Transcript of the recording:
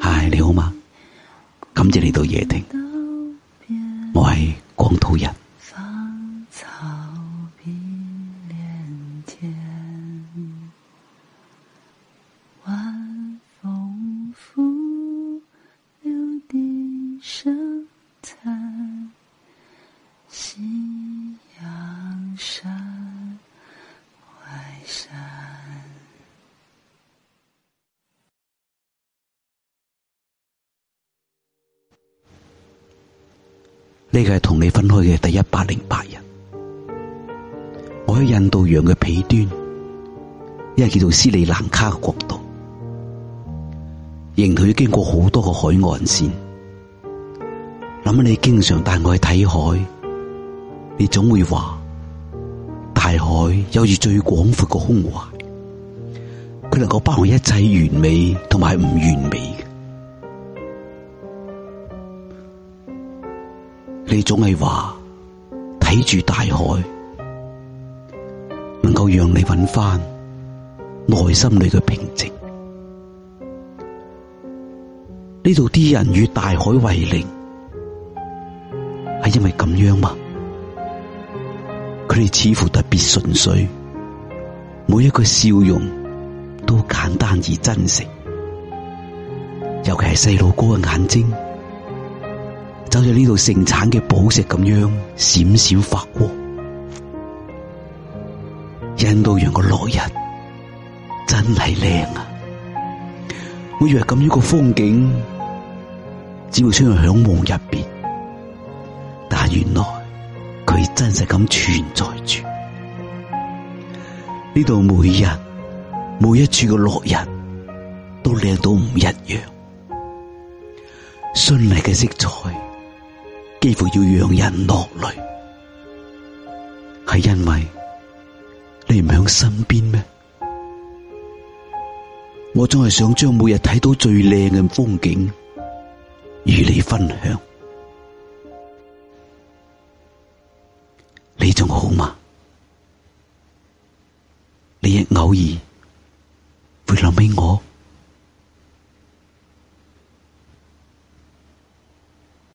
嗨、哎，你好嗎？感謝你到夜聽，我係廣島人。芳草碧連天，晚風拂柳笛聲。呢個係同你分開嘅第一百零八日，我喺印度洋嘅彼端，因為叫做斯里蘭卡嘅國度，沿途要經過好多個海岸線。諗起你經常帶我去睇海，你總會話大海有住最廣闊嘅胸懷，佢能夠包含一切完美同埋唔完美。你總係話睇住大海，能夠讓你搵翻內心裏嘅平靜。呢度啲人與大海為鄰，係因為咁樣嗎？佢哋似乎特別純粹，每一個笑容都簡單而真誠，尤其係細路哥嘅眼睛，就似呢度盛產嘅寶石咁樣閃閃發光，印度洋嘅落日真係靚啊！我以為咁樣個風景只會出現響夢入邊，但原來佢真實咁存在住。呢度每日每一處嘅落日都靚到唔一樣，絢麗嘅色彩。幾乎要讓人落淚，係因為你唔喺身邊咩？我總係想將每日睇到最靚嘅風景與你分享。你仲好嗎？你亦偶爾會諗起我。